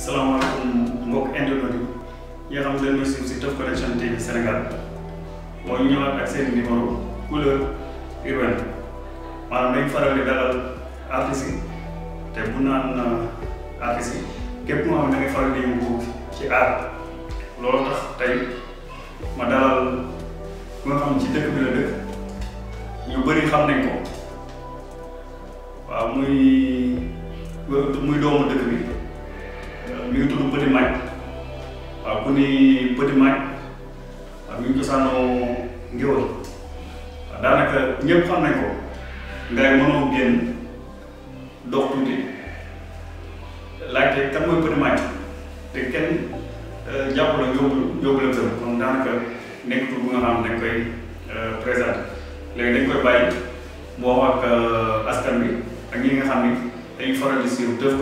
salaamaaleykum mbokk internet yi xam si TV Sénégal moo ñu ñëwaat ak seen di dalal yi te bu naan yi di yëngu ci art loolu tax tey ma dalal ku nga xam ci dëkk bi la dëkk ñu bëri xam nañ Petit Madj waaw ku ni Petit Madj waaw ñu ngi cosaanoo Ngéwal daanaka ñëpp xam nañ ko ngay mënoo génn dox tuuti laajte kan mooy Petit Madj te kenn jàppale yóbbu yóbbu la tëb kon daanaka nekk tur bu nga xam dañ koy euh, présenté léegi dañ koy bàyyi mu ak euh, askan bi ak ñi nga xam ni dañuy faral di suivre Teuf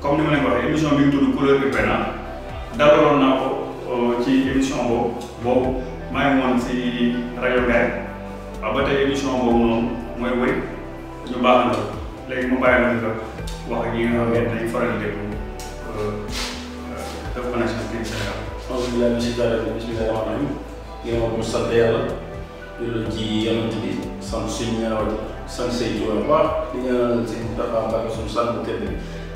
comme ni ma leen ko waxee émission bi ñu tudd couleur urbaine ah, dalaloon naa ko euh, ci émission boobu boobu maa ngi woon si rajo Ngaye waaw ah, ba tey émission boobu noonu mooy wéy ñu baax na léegi ma bàyyi la nga wax ak ñi nga xam ne dañuy faral di déglu euh, euh, Teuf Connection fii Sénégal. alhamdulilah monsieur Diallo bisimilah rahmaan rahim ngeen wax mu sant yàlla jullu ci yonent bi sant suñu ñaaw sant say jiw bu baax di ñaanal seen taxaw mbaa suñu sant tedd bi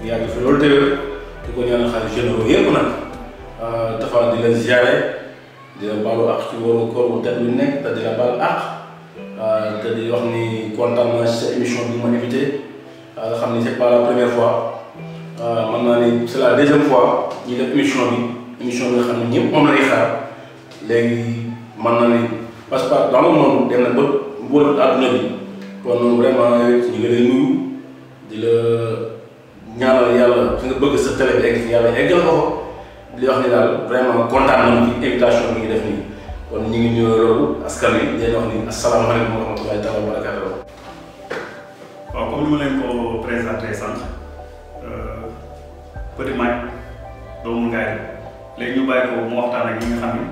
yàgg fi loolu téwér di ko ñaanal xaar généraux yëpp nag ah, Tafa di la ziare di la baalu ak ci wóoru koor bu tedd bi nekk te di la baal ak ah, te di wax ni kontaan naa si sa émission bi ma invité ah, nga xam ni c'est pas la première fois mën naa ni c'est la deuxième fois ñu def émission bi émission bi nga xam ne ñëpp moom la ñuy xaar léegi mën naa ni parce que dans le monde dem na ba wër àdduna bi kon vraiment ñu ngi lay nuyu di la. ñaanal yàlla fi nga bëgg sa télé egg fi yàlla eggal ko ko li wax ni daal vraiment kontaan nañu ci invitation bi ñu def nii kon ñu ngi nuyoo loolu askan wi di wax ni asalaamaaleykum wa rahmatulahi taala wa barakatuh. waaw comme ni ma leen ko présenté sànq euh, Petit Math doomu Ngaye léegi ñu bàyyi ko mu waxtaan ak ñi nga xam ne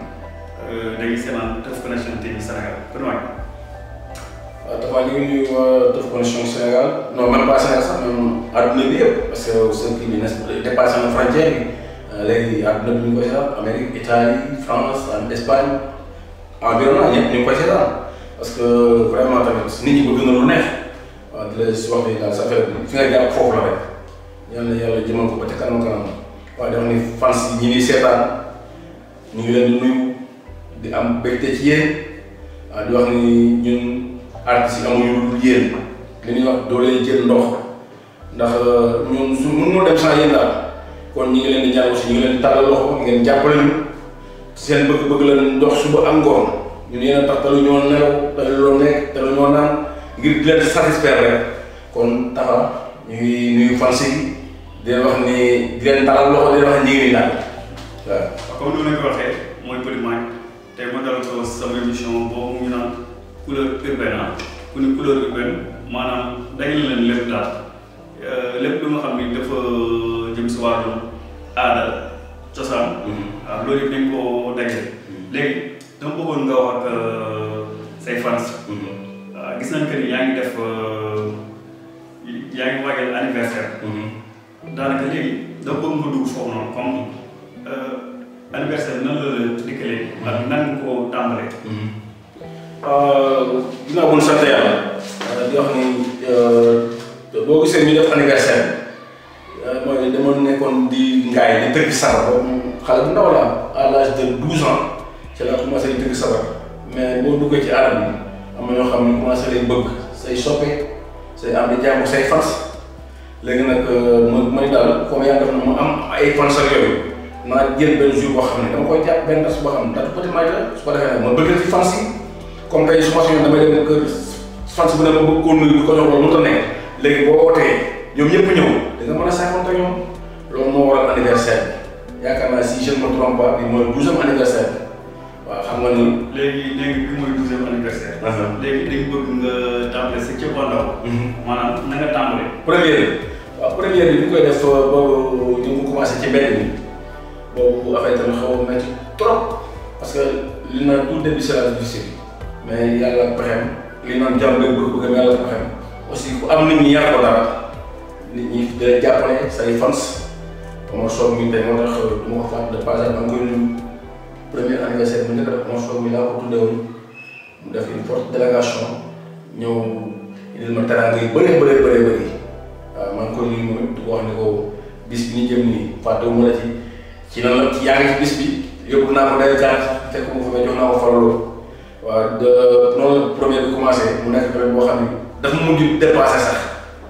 euh, dañuy seetaan Teuf Connection TV Sénégal Petit Math. dafa ñu ngi nuyu def condition Sénégal non man pas Sénégal sax même aduna bi yëpp parce que sa kii bi nes dépassé na frontière bi léegi aduna bi ñu koy seetaan Amérique Italie France Espagne environnement ya, ñëpp ñu ngi koy seetaan parce que vraiment tamit nit ñi bëgg na lu neex eh, waaw di la si wax ni daal sa affaire bi fi nga jàpp foofu la rek yàlla yàlla jëmal ko ba ca kanam kanam waaye dafa ni fans yi ñi ah, ni seetaan ñu leen di nuyu di am bégte ci yéen di wax ni ñun artiste yi amuñu lu yéen li wax do leen eh, jël ndox ndax ñun su mënuloo dem sans yéen daal kon ñi ngi leen di ñaan aussi ñi ngi leen talal tàllal loxo ngeen jàppale ñu seen bëgg-bëgg la dox suba am ngoon ñun yéen a tax talu ñoo neew talu lo nekk talu ñoo naan ngir di leen satisfaire rek kon taxa ñuy ngi nuyu fans di wax ni di leen talal loxo di wax ñi ngi nii waaw. comme ni ma leen ko waxee mooy Petit Math tey ma dalal ko sama émission boobu ñu naan couleur urbaine ah ku ne couleur urbaine maanaam dajale leen lépp daal euh, lépp lu nga xam ni dafa euh, jëm si wàllum aada cosaan. waaw mm-hmm. ah, loolu yëpp dañ koo dajale. Mm-hmm. léegi dama bëggoon nga wax ak euh, say fans. Mm-hmm. Ah, gis nañ que ni yaa ngi def yaa ngi waajal anniversaire. daanaka léegi dama bëgg nga dugg foofu noonu comme anniversaire nan la la dikkalee. ak ginnaaw bu ñu sant yàlla di wax ni boo gisee ñu def anniversaire mooy dama nekkoon di ngaay di tëgg sabar boobu xale bu ndaw la à l'âge de 12 ans ci la commencé di tëgg sabar mais boo duggee ci arab bi am na ñoo xam ne commencé lay bëgg say soppe say am di jàmm say fans léegi nag ma ma ni daal comme yaa def na mu am ay fans ak yooyu naa jël benn jour boo xam dama koy jàpp benn tas boo xam ne datu côté maaj la su ko defee ma bëgg ci fans yi comme tey su ma si damay dem kër fan si bu ne ma ko loolu lu ta nekk léegi boo wootee ñoom ñëpp ñëw da nga mën a saafonte ñoom loolu moo waral anniversaire bi yaakaar naa si je ne me trompe pas bi mooy douzième anniversaire bi waaw xam nga ni. léegi bi mooy douzième anniversaire. Uh-huh. léegi dañ bëgg nga tàmbale sa cëppandaw. Uh-huh. maanaam na nga tàmbale. première bi waaw première bi ñu koy def euh, boobu ñu ngi ko commencé ci mbedd mi boobu affaire tamit xaw a métti trop parce que li mais yàlla pexem li naan jàmm rek bëgg bëgg yàlla pexem aussi ku am nit ñi yar ko dara nit ñi day jàppale say fans Omar Sow mi tey moo tax euh, du ma ko fàtte de passage ngi koy bëri bëri waaw koy nuyu moom di wax ne ko bis bi ñu jëm nii fàttewuma la ci ci nan yaa ngi ci bis bi yóbbu naa ko day jaar fekk mu fa jox naa ko faraloo. waaw de noonu la premier bi commencé mu nekk période boo xam ni dafa mujj dépassé sax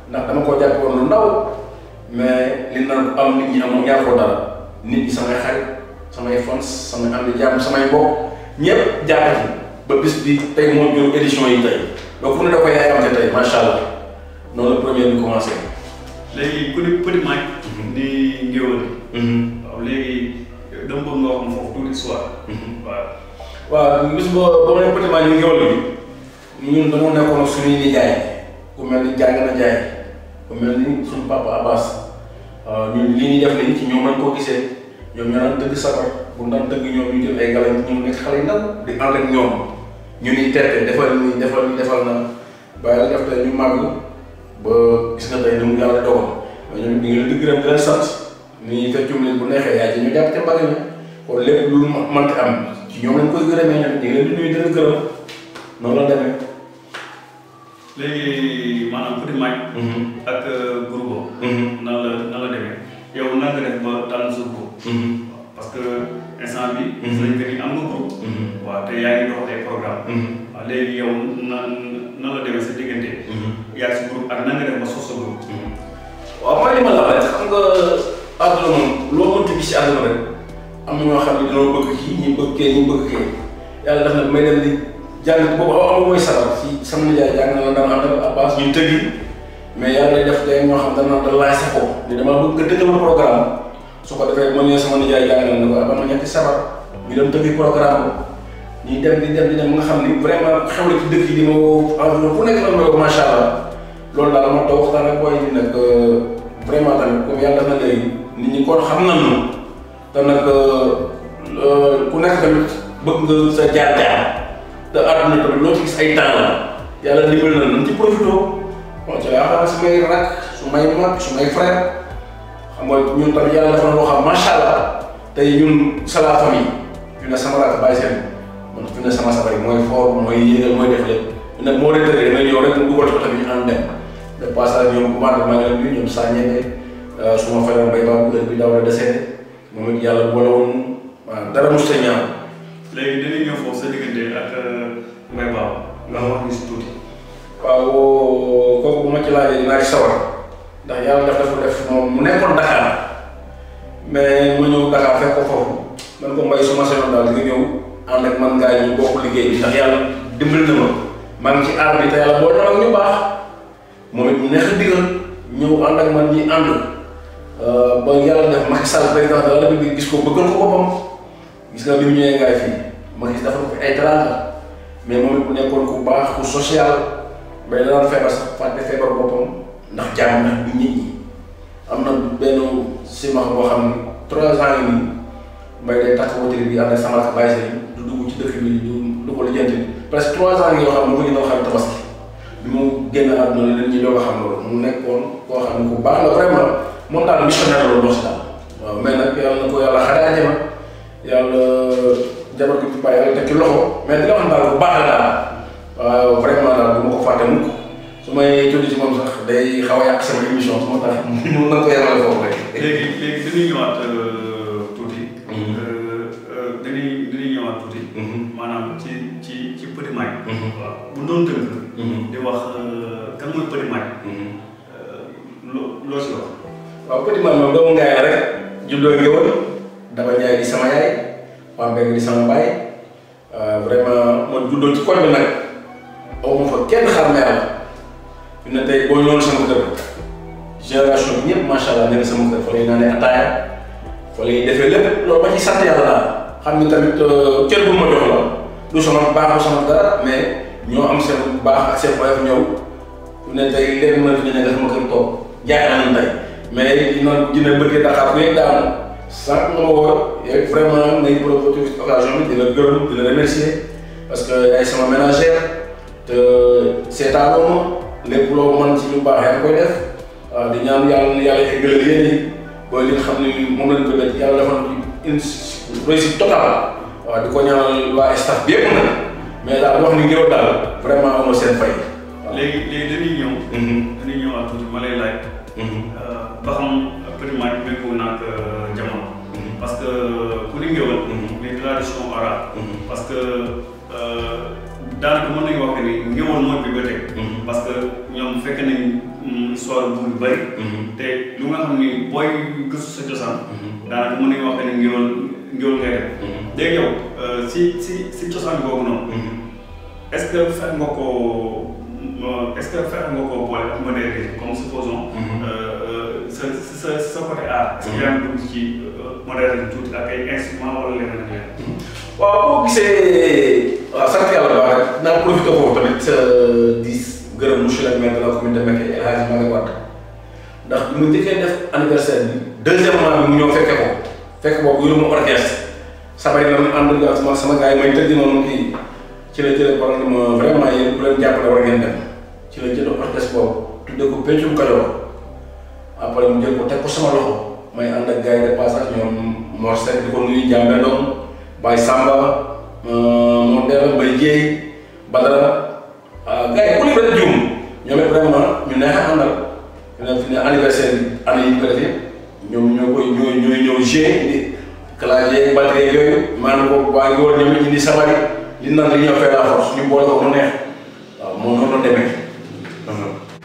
ndax dama koo jàpp woon lu ndaw mais li naan am nit ñi amoon ñaar koo dara nit ñi samay xarit samay fans samay am di jàmm samay mbokk ñëpp jàpp ci ba bis bi tey moo jur édition yi tey donc fu ne da koy yaayam te tey macha allah noonu premier bi commencé. léegi ku mhm. di petit mhm. di bëgg nga wax waaw bis ba ba ma ne petit maa ngi géwal bi ñun dañoo nekkoon ak suñuy nijaay ku mel ni jàng na jaay ku mel ni suñu papa Abbas ñun li ñuy def lañ ci ñoom lañ koo gisee ñoom ñoo daan tëgg sabar bu daan tëgg ñoom ñu jël ay galan ñu nekk xale ndaw di ànd ak ñoom ñu ni terte defal ni defal ni defal na bàyyi la def tey ñu màgg ba gis nga tey ni yàlla dogal mais ñoom ñu ngi leen di gërëm di leen sant ni feccum leen bu neexee yaay ci ñu jàpp ca mbàgg mi kon lépp lu mënti am ñoom lañ koy gërëmee ñoom ñu ngi leen di nuyu la demee. léegi maanaam Petit Math. Mhm. ak euh, Gourgo. Mhm. nan la la demee yow nan ba tànn sa groupe. Mhm. parce bi gis nañ am nga groupe. waaw te yaa ngi dox ay programme waaw léegi la demee sa diggante. yaa si groupe ak nan ba sos sa groupe. waaw mooy li ma la wax rek xam nga àdduna moom loo mënti am na ñoo xam ne dañoo bëgg kii ñu bëgg kee ñu bëgg kee yàlla def na may dem di jàng boobu aw aw mooy sabab si sama nijaay jàng na la daan am tamit abbas ñu tëggi mais yàlla def day ñoo xam dana da laaj ko ni dama bëgg nga tëggal programme su ko defee ma ñëwee sama nijaay jàng na ne ko abal ma ñetti sabar ñu dem tëggi programme dem di dem di dem nga xam ni vraiment xew ci dëkk yi di ma woo environ bu nekk la ma woo macha allah loolu daal ma toog waxtaan ak booy nag vraiment tamit comme yàlla na léegi nit ñi kon xam nañu te nag ku nekk tamit bëgg nga sa jaar-jaar te àdduna tamit loo ci gis ay temps la yàlla dimbali na nañ ci profité bon ca yaakaar su may rakk su may mag su may frère xam nga ñun tamit yàlla dafa loo xam macha allah tey ñun sa famille ñu ne sama rakk bàyyi seen man fi ne sama sabar yi mooy for mooy yéegal mooy def lépp nag moo retraité na ñëw rek mu dugal ko tamit ñu ànd dem de passage ñoom commande maa ngi leen ñoom saa ñeneen suma frère mbay baa bu bi daaw la desee moom it yàlla boole woon waaw dara mos a ñaaw. léegi dañuy ñëw foofu sa diggante ak euh, Mbaye Ba nga wax ni si tuuti. waaw kooku bu ma ci laajee dinaa sawar ndax yàlla dafa dafa def moom mu nekkoon Dakar mais ma ñëw Dakar fekk ko foofu man ko Mbaye suma daal nga ñëw ànd ak man ñu bokk liggéey bi ndax yàlla dimbali na ma maa ngi ci aar te yàlla boole na ak ñu baax moom it mu neex a digal ñëw ànd ak man ñi ànd ba yàlla def Macky Sall président de la République gis ko bëggal ko boppam gis nga bi mu ñëwee ngaay fii ma gis dafa ko fi ay teraanga mais moom it ku nekkoon ku baax ku social bay da daan feebar sax fàtte feebar boppam ndax jàmm na bu nit ñi am na benn simax boo xam ne trois ans yi nii mbay day takk wotiri bi ànd ak sama rakk bàyyi sëriñ du dugg ci dëkk bi du du ko lijjanti presque trois ans yoo xam ne mu ngi xam tabaski bi mu génn àdduna leen ñi xam loolu mu nekkoon koo xam ne ku baax la vraiment moom daal missionnaire loolu moo si daal waaw mais nag yàlla na ko yàlla xadaa ñema yàlla jabar gi fi bàyyi yàlla tekki loxo mais di la wax daal bu baax la daal waaw vraiment daal bu ma ko fàtte mukk sumay may ci moom sax day xaw a yàq sama émission su tax mun na ko yemale foofu rek. léegi léegi dañuy ñëwaat tuuti. dañuy dañuy ñëwaat tuuti. maanaam ci ci ci Petit Math. Hmm. waaw bu doon tënk. Hmm. di wax kan eh, mooy Petit Math. Hmm. Eh, loo loo si wax. Bapak di mana moom nggak ada judul yang ngéwal dapat jadi di sama ya sampai di sama baik, vraiment eh, mau judul ci koñ bi nag aw ma fa ini xar ma yàlla sama kër jaga suami masya allah nee sama kita kalau ini ada ataaya fa kalau ini develop lo pasti satu sant yàlla kami xam ni tamit cër bu ma jox la du sama baaxu sama dara mais ñoo am seen baax ak seen woyof ini fi ne tey léegi mën sama kër toog jaay mais dina dina bëgg Dakar bay daan sànq nga woo yeeg vraiment ngay profité ci occasion bi di la gërëm di la remercier parce que yaay sama ménagère te seetaanoo ma lépp loo mën ci lu baax yaa koy def waaw ah, di ñaan yàlla yàlla eggal yéen yi ba li nga xam ne moom lañ bëgg a yàlla defal une réussite totale waaw ah, di ko ñaanal waa staff bi yëpp nag mais daal wax ni ngir daal vraiment amoo seen fay. léegi léegi dañuy ñëw. Mhm. dañuy ñëwaat tuuti ma lay laaj. Mhm. ba xam primaire bi méngoo naag parce que ku liggéeyoon. Mhm. les mhm. parce que euh, daanaka ni ñëwoon mooy bibliothèque. Mhm. parce que ñoom fekk nañ mm, histoire bu lu te lu nga xam ni booy gëstu sa cosaan. daanaka mën nañu wax que ni ñëwoon ñëwoon ngay def. léegi euh, si si si cosaan boobu noonu. est-ce nga koo est-ce que fexe nga koo boole ak modernité comme supposons. Euh, côté art yaa ngi dugg ci moderne tuuti ak ay instrument wala leneen ak leneen waaw boo rek profité tamit di gërëm monsieur le maire de la commune de Mekké El Hadj Malick Wade ndax bi mu njëkkee def anniversaire bi deuxièmement bi mu ñëw fekke ko fekk boobu yóbbu ma orchestre sabay na mu ak sama sama gars may tëdd noonu ci la vraiment bu leen war ngeen dem ci la orchestre ko Pencum après mu jël ko teg ko sama loxo may ànd ak gars ñoom Mor Seck di ko nuyu Ndiambé Ndong Samba euh, Mor Dela Mbaye Dieye euh, ku li bëri juum ñoom it vraiment ñu neex a àndal ñu fi ne anniversaire bi année yi ñu yooyu maanaam ko waa ngi war ñoom it indi sabari li naan ñoo fay la force ñu boole ko mu neex waaw moom noonu la demee.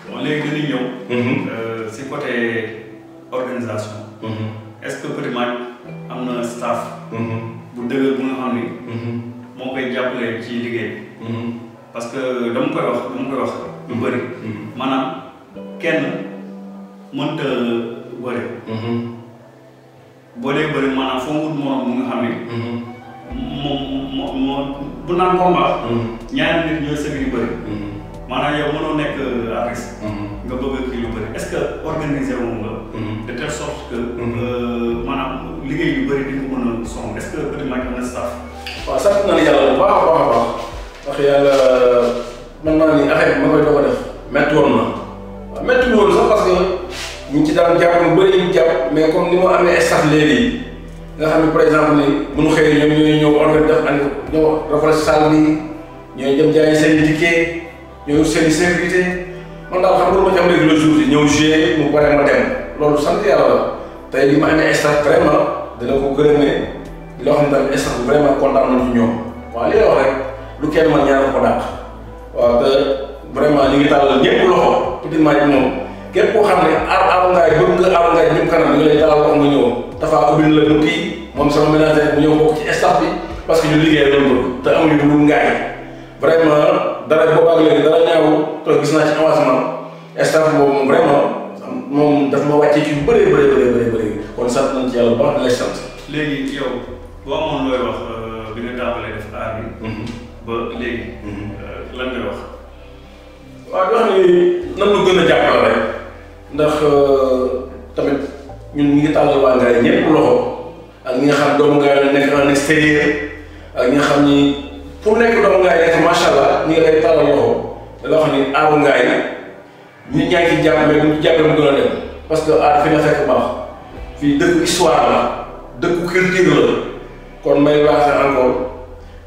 waaw léegi dañuy ñëw. Mhm. Mm-hmm. est-ce que Primat am na staff. Mm-hmm. bu dëgër bu nga xam ni. Mm-hmm. moo koy jàppale ci liggéey parce que dama koy wax dama koy wax. lu bëri. maanaam kenn mënta bëri. boo dee bëri maanaam foo wut morom mu nga xam ni. moom moo bu naan combat. ñaari nit ñooy sëg yu bëri. maanaam yow mënoo nekk artiste. nga bëgg a kii bëri est-ce que organiser wu mm-hmm. mm-hmm. euh, liggéey yu bëri di ko mën a song est-ce que Petit Macky am na staff. waaw sant naa yàlla bu baax a baax a baax ndax yàlla mën naa ni affaire bi ma koy doog a def métti woon na waaw métti woon sax parce que ñu ngi ci daan jàpp ñu bëri ñu mais comme ni ma amee staff léegi nga xam par exemple ni bu ñu xëyee ñoom ñooy ñëw organiser def ànd ñëw rafetlu salle bi ñooy dem jaayi seen ticket ñooy seen sécurité. kon daal xam nga ma ci am léegi le jour ñëw joué mu pare ma dem loolu sant yàlla la tey li ma amee staff vraiment dina ko gërëmee loo xam ne tamit staff bi vraiment kontaan nañu ci ñoom waaw li rek lu kenn man ñaar ko dàq waaw te vraiment ñu ngi tàllal ñëpp loxo petit maa moom képp koo xam ne aar aaru ngaay bëgg nga aaru ngaay jëm kanam ñu ngi lay dalal wax ñëw dafa ubbil ci staff bi parce que ñu liggéey loolu te amuñu lu ngaay vraiment. dara boobaag léegi dara ñaaw te gis naa ci avancement staff boobu moom vraiment moom daf ma wàccee ci yu bëree bëree bëree bëri kon sant nañ ci yàlla bu baax di léegi yow boo amoon looy wax euh, bi nga tàmbalee def aar bi. Mhm. ba léegi. Mhm. Euh, lan ngay wax. waaw di nan lu gën a jàppale rek ndax euh, tamit ñun ñi ngi tàllal waa Ngaye nga xam doomu Ngaye la xam ni. pour nekk doomu ngaay nekk ya, macha allah ñu ngi lay talal loxo loo xam ni aaru ngaay nit ñaa ngi ci jàpp mais bu ñu jàppee mu gën a dem parce que aar fi nga fekk baax fii dëkk histoire la dëkk culture la kon may baax encore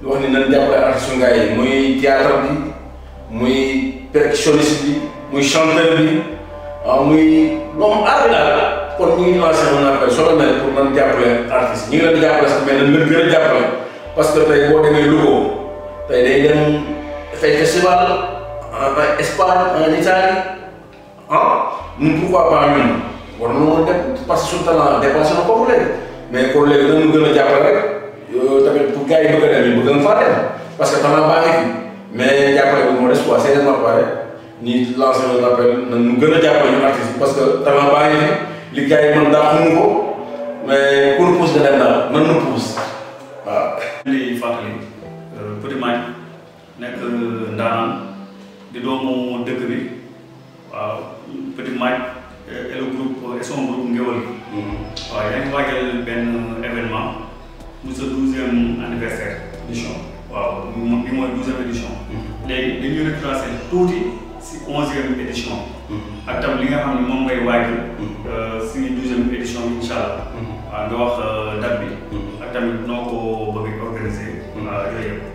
lu wax ni nan jàppale artiste ngaay yi muy théâtre bi muy percussionniste bi muy chanteur bi ah, muy moom aar bi daal kon ñu ngi lancé un appel solo na pour nan jàppale artiste ñu ngi leen di jàppale sax mais nan leen gën parce que tey boo demee Louga tey day dem fay festival en Espagne en Italie ah ñun pourquoi pas ñun war nañoo dem parce que suñu talent dépassé na ko léegi mais kon léegi nañu gën a jàppale rek tamit pour gars yi bëgg a dem ñu bëgg a faa dem parce que talent baa ngi fi mais jàppale bi moo des quoi sérieusement pare ñuy lancé un appel nañu gën a jàppale ñu artistes yi parce que talent baa ngi fi li gars yi mën daa xamu ko mais pour pousse nga dem daal mën na pousse waaw. lii fàttali. Petit Magne nekk ndaanaan di doomu dëkk bi waaw Petit Magne et eh, le groupe et eh, son groupe Ngéwal mm-hmm. waaw yaa ngi waajal benn événement mu sa douzième anniversaire édition waaw bi mooy douzième édition mm-hmm. léegi dañuy retracé tuuti si onzième édition mm-hmm. ak tam li nga xam ne moom ngay waajal euh, si douzième édition incha allah waaw nga wax euh, date bi ak tamit noo ko bëgg organiser yooyu yëpp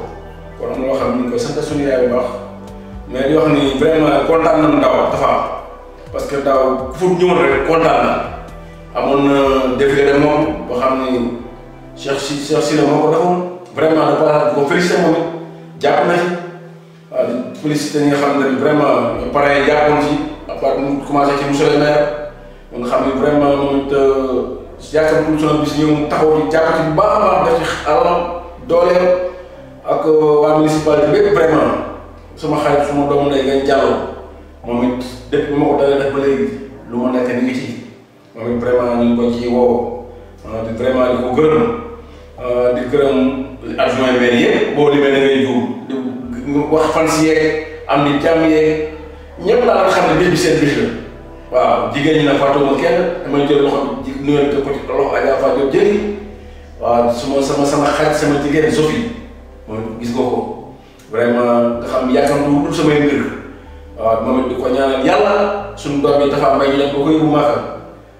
kon am na loo xam ne ñu ngi koy yaay baax mais di ni vraiment kontaan nañu daaw dafa am parce que daaw fu ñëwoon rek kontaan na amoon na défilé de boo xam ni Cheikh si Cheikh Sylla moo ko defoon vraiment da ko ko félicité moom it na ci waaw di félicité ñi xam ne vraiment pare yi jàppoon ci à part mu commencé ci monsieur le xam ni vraiment moom it euh, yaakaar naa ne bis ñëw taxaw ci jàpp ci bu baax a baax def ci ak euh, waa municipalité bépp vraiment sama xarit sama doomu ndey ngay jàlloo moom it dëkk bi ko dalee def ba lu ma nekk ni moom it vraiment ñu ko ci woo di vraiment di ko gërëm euh, di gërëm adjoint maire yëpp boo limee da di wax fan si am ni jàmm yeeg ñëpp daal xam ne bis bi seen bis la waaw jigéen ñi nag fàttewuma kenn damay jël loxo ji nuyoo ko ci loxo Adja Fatou Diop jëli waaw suma sama sama xarit sama jigéen yi gis nga ko vraiment nga xam yaakamtu wudul samay mbir waaw ah, moom di ko ñaanal yàlla suñu doom yi dafa may ñu ko koy bu maaka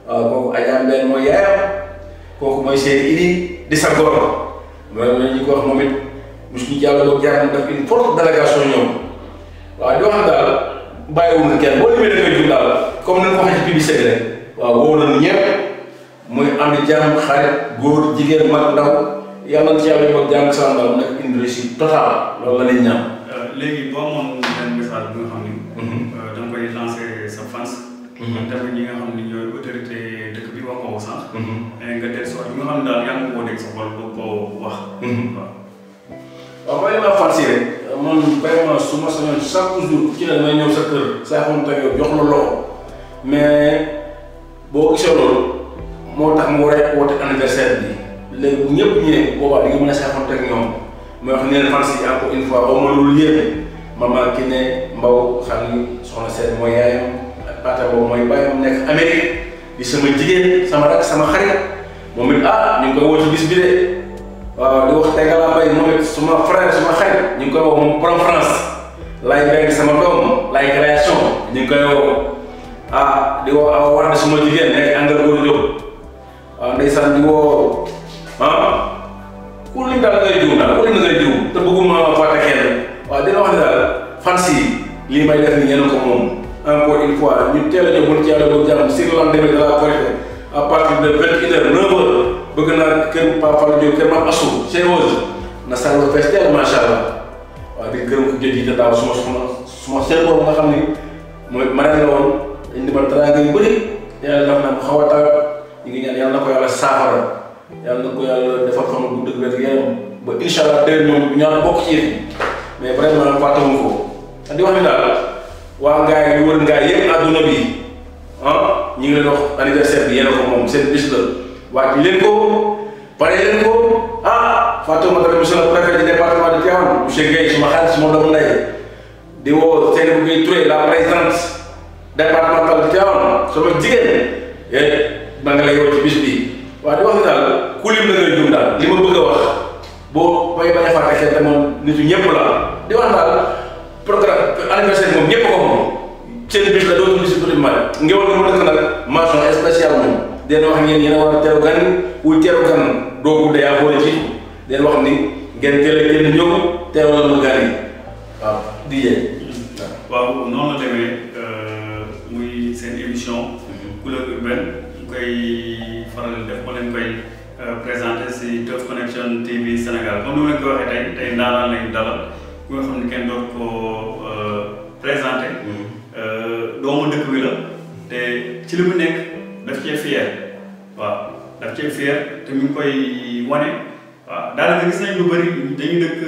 ah, kooku ajaam benn mooy yaayam kooku mooy seen idi di sa gor vraiment ñi ko wax moom it mus ñu jàll loog jaar daf une forte délégation ñoom waaw di wax daal bàyyiwul kenn boo limee da ngay jum daal comme nañ ko waxee ci publicité rek waaw woo nañu ñëpp muy ànd jàmm xarit góor jigéen mag ndaw yalla ci yalla mok jang sàmba mu nekk une réussite totale loolu la ni ñam léegi bo moom benn message bi nga xamni ni koy lancer sa fans ak tamit ñi nga xamni ñoy autorité dëkk bi wax ko sax nga del so yi nga xam ne daal yaa ngi sa xol ba ko wax waay ma maa rek man vraiment suma ma chaque jour ci la may ñew sa kër sa xam yow jox la lo mais bo gisee loolu motax mo mu war anniversaire bi léegi bu ñëpp ñëwee boobaa di nga mën a saafonte ak ñoom may wax neen fan si encore une fois waxuma loolu yëpp maman ki ne mbaw xam ni soxna seen mooy yaayam ak pata boobu mooy bàyyam nekk Amérique di sama jigéen sama rak sama xarit moom it ah ñu ngi koy woo ci bis bi de waaw di wax tegala bay moom it suma frère suma xarit ñu ngi koy woo moom prom France lay benn sama doom lay création ñu ngi koy woo ah di woo aw war na suma jigéen nekk àndal góor jóg waaw ndeysaan di woo kulim daal ngay nak kulit kulim ngay juum te bëgguma fàtte kenn waaw dina wax ne daal fansi lii may def ni ñenn ko moom encore une fois ñu teel a ñëw mën ci yàlla doon jàmm si lan demee de la Korité à partir de vingt une heure neuf heures bëgg naa kër Paa Fall Diop kër Mame Assou chez Rose na allah waaw di gërëm ko jëj yi te daaw suma suma suma seet ni mooy mare la woon indi ma teraanga yu bëri yàlla na yàlla na ko yàlla defal xam bu dëgg wér yaram ba incha allah déwén ñoom ñaar bokk ci yéen mais vraiment fàttewuñ ko di wax ni daal waa ngaay yi wër ngaay yëpp àdduna bi ah ñu ngi leen wax anniversaire bi yéen a ko moom seen bis la waaj leen ko pare leen ko ah fàttewuma tamit monsieur le préfet du département de Tivaouane monsieur Guèye suma xaalis suma doomu ndey di woo Seynabou Guèye Touré la présidente départementale de Tivaouane sama jigéen yéen maa ngi lay woo ci bis bi waa di wax ni ku lim da ngay li ma bëgg a wax boo bay bañ a fàtte moom nitu ñëpp la di wax daal programme anniversaire moom ñëpp ko moom seen bis la si tuuti mbaa ngewal nga mu dëkk nag mention spéciale wax ngeen yéen a war a teru gan kuy teru gan doogu dayaa boole wax ni ngeen teel a génn ñëw teewal ma gan yi waaw di yee waaw noonu la demee euh, muy seen émission mhm. couleur urbaine ñu koy faral def ma leen koy Euh, présenté si Teuf Connection TV Sénégal comme ni ma ko tey tey ndaanaan lañu dalal ku nga xam ne kenn doot ko euh, présenté. Mm-hmm. Euh, doomu dëkk bi la te ci li mu nekk daf cee fier waaw daf cee fier te mi ngi koy wane waaw daanaka gis nañ lu bëri dañu dëkk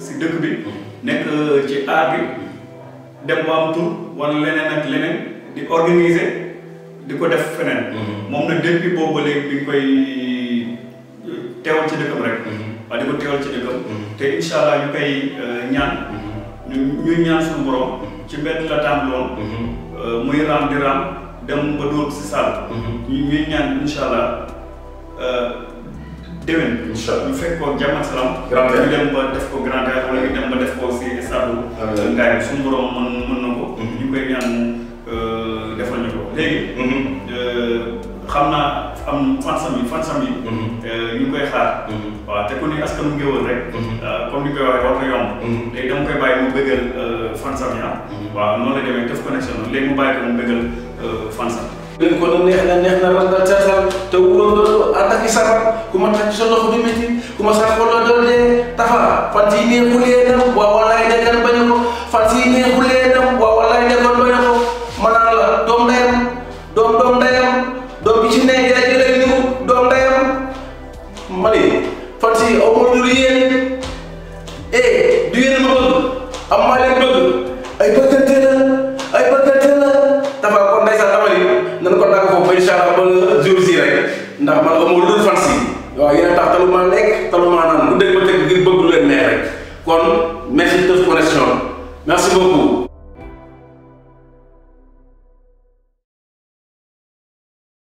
si dëkk bi mm-hmm. nekk ci aar bi mm-hmm. dem ba am tur wala leneen ak leneen di organiser di ko def feneen. moom na depuis boobu léegi mi ngi koy. teewal ci dëkkam rek wa mhm. di ko teewal ci dëkkam mhm. te inshallah ñu kay e, ñaan ñu mhm. ñaan suñu borom ci mbedd la tam lool muy e, ram di ram dem ba dóor ci sal ñu ñu ñaan inshallah euh allah inshallah ñu fekk ko jàmm salam ñu dem ba def ko grand air wala ñu dem ba def ko ci stade ngaay suñu borom mën mën na ko ñu koy ñaan euh defal ñu ko léegi euh xamna am fansam yi fansam yi. Mhm. Euh, ñu ngi koy xaar. Mhm. waaw te ku ni askanu Ngéwël rek. Mhm. Euh, comme ni koy waxee war na yomb. léegi dama koy bàyyi mu bëggal euh, fansam yi ah. waaw noonu la demee def connexion léegi mu bàyyi ko mu bëggal fansam. léegi kon nag neex na neex na randal caasar te wuroon doon attaque sabar ku ma tàcc sa loxo bi métti ku ma sax wala doon dee tafa fan yii neexulee na waaw walaay dagan bañ a ko fan yii neexulee